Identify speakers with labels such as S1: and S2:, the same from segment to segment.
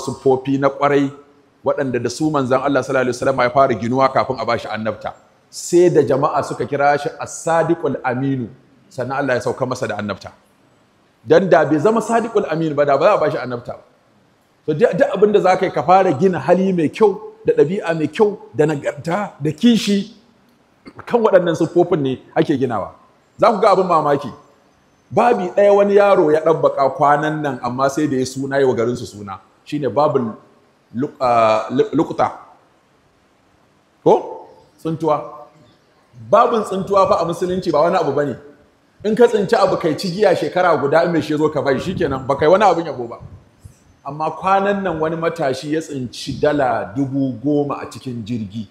S1: siffofi na kwarai waɗanda da su manzan Allah sallallahu alaihi wasallam ya fara ginuwa kafin a bashi annabta sai da jama'a suka kira shi as-sadiqul aminu sannan Allah ya sauka masa da annabta dan da bai zama sadiqul aminu ba da ba za a bashi annabta to duk abin da zaka yi ka fara gina hali mai kyau da ɗabi'a mai kyau da nagarta da kishi kan waɗannan siffofin ne ake ginawa za ku ga abin mamaki babi ɗaya wani yaro ya ɗabbaka kwanan nan amma sai da ya suna yi wa garinsu suna Shi ne babul lukuta ah, ko tsuntuwa babin tsuntuwa fa a musulunci ba wani abu ba ne. in ka tsinci abu kai cigiya shekara guda in mai shi zo ka bai kenan ba kai wani abin yabo ba amma kwanan nan wani matashi ya tsinci dala dubu goma a cikin jirgi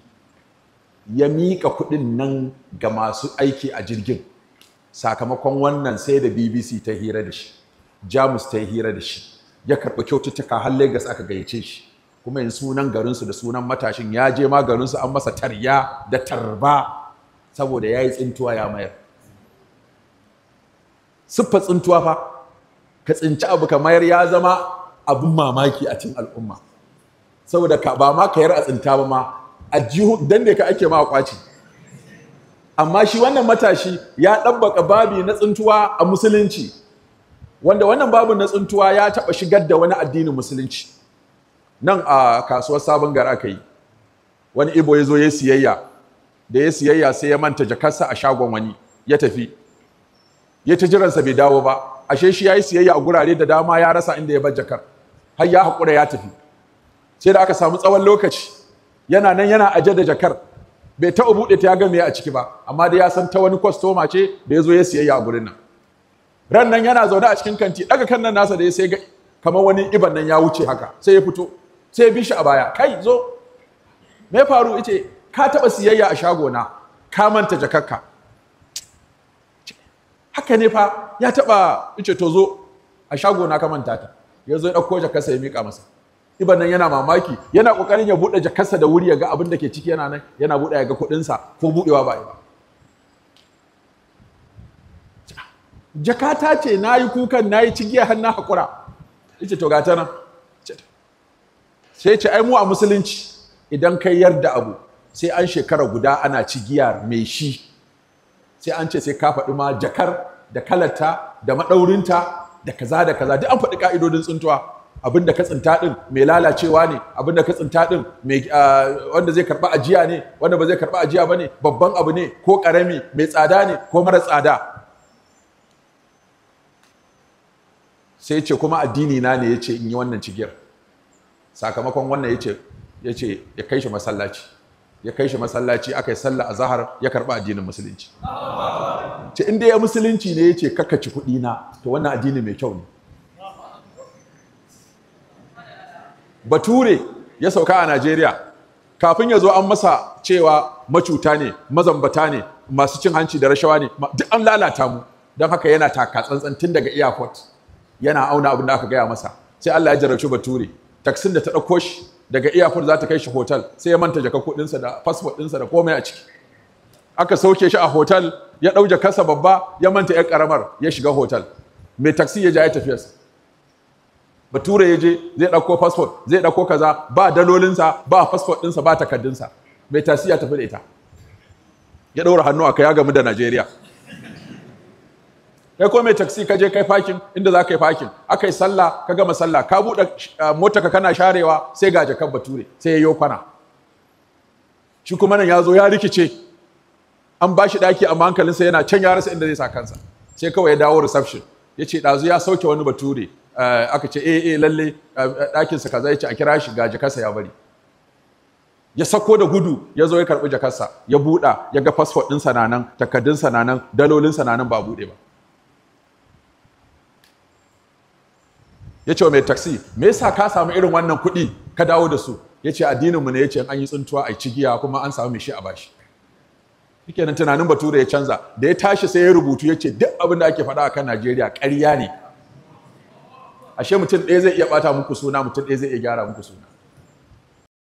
S1: ya mika kuɗin nan ga masu aiki a jirgin sakamakon wannan sai da bbc ta hira da shi jamus ta hira da shi ya karɓi kyaututtuka har Legas aka gayyace shi kuma yin sunan garinsu da sunan matashin ya je ma garinsu an masa tarya da tarba saboda ya yi tsintuwa ya mayar siffa tsintuwa fa ka tsinci abu ka mayar ya zama abin mamaki a cin al'umma saboda ka ba ma ka yar a tsinta ba ma a jihu dan ne ka ake ma a kwaci amma shi wannan matashi ya ɗabbaka babi na tsintuwa a musulunci wanda wannan babu na tsuntuwa ya taɓa shigar da wani addinin musulunci nan a kasuwar sabon gara aka yi wani ibo ya zo ya siyayya da ya siyayya sai ya manta jakarsa a shagon wani ya tafi ya ta jiransa bai dawo ba ashe shi ya yi siyayya a gurare da dama ya rasa inda ya bar jakar har ya haƙura ya tafi sai da aka samu tsawon lokaci yana nan yana aje da jakar bai taɓa buɗe ta ya ga me a ciki ba amma dai ya san ta wani kwastoma ce da ya zo ya siyayya a gurin nan Rannan yana zaune a cikin kanti daga kan nan nasa da ya sai kamar wani iban nan ya wuce haka sai ya fito sai ya bi shi a baya kai zo me faru ice ka taba siyayya a shago na ka manta jakakka haka ne fa ya taba ice to zo a shago na ka manta ta ya zo ya dauko jakarsa ya mika masa iban nan yana mamaki yana kokarin ya buɗe jakarsa da wuri ya ga abin da ke ciki yana nan yana buɗe ya ga kuɗinsa ko buɗewa ba ba jakata ce na yi kukan na yi cigiya har na haƙura ita to gata nan sai ce ai mu a musulunci idan kai yarda abu sai an shekara guda ana cigiya mai shi sai an ce sai ka faɗi ma jakar da kalarta da maɗaurinta da kaza da kaza duk an faɗi ƙa'idodin tsintuwa abin ka tsinta ɗin mai lalacewa ne abin da ka tsinta ɗin ah, wanda zai karba ajiya ne wanda ba zai karɓa ajiya ba ne? babban abu ne ko ƙarami mai tsada ne ko mara tsada sai ya ce kuma addini na ne ya ce in yi wannan cigiyar sakamakon wannan ya ce ya kai shi masallaci ya kai shi masallaci aka yi sallah a zahar ya karɓi addinin musulunci ce inda ya musulunci ne ya ce kakaci kuɗi na to wannan addini mai kyau ne bature ya sauka a najeriya kafin ya zo an masa cewa macuta ne mazambata ne masu cin hanci da rashawa ne duk an lalata mu don haka yana taka tsantsan tun daga airport yana auna abin da aka gaya masa sai Allah ya jarabci bature taksin da ta ɗauko shi daga airport za ta kai shi hotel sai ya manta jaka kuɗinsa da passport ɗinsa da komai a ciki aka sauke shi a hotel ya ɗau jakarsa babba ya manta ya karamar ya shiga hotel mai taksi ya ja ya tafiyarsa bature ya je zai ɗauko passport zai ɗauko kaza ba dalolinsa ba passport ɗinsa ba takardunsa mai tasi ya tafi da ita ya ɗaura hannu a ya gamu da najeriya kai ko mai taksi ka je kai fakin inda za ka yi fakin aka yi sallah ka gama sallah ka buɗe ah, mota ka kana sharewa sai ga jakar bature sai ya yi kwana shi kuma nan ya zo ya rikice an ba shi ɗaki amma sa yana can ya rasa inda zai sa kansa sai kawai ya dawo reception ya ce ɗazu ya sauke wani bature eh, aka ce eh eh lalle eh, ɗakinsa kaza ya ce a kira shi ga jakarsa ya bari ya sako da gudu ya zo ya karɓi jakarsa ya buɗa ya ga fasfot ɗinsa na nan takardunsa na nan dalolinsa na nan ba buɗe ba ya ce wa mai taksi me yasa ka samu irin wannan kuɗi ka dawo da su ya ce addininmu ne ya ce an yi tsuntuwa a cigiya kuma an samu mai shi a bashi nan tunanin bature ya canza da ya tashi sai ya rubutu ya ce duk abin da ake faɗa kan najeriya ƙarya ne ashe mutum ɗaya zai iya bata muku suna mutum ɗaya zai iya gyara muku suna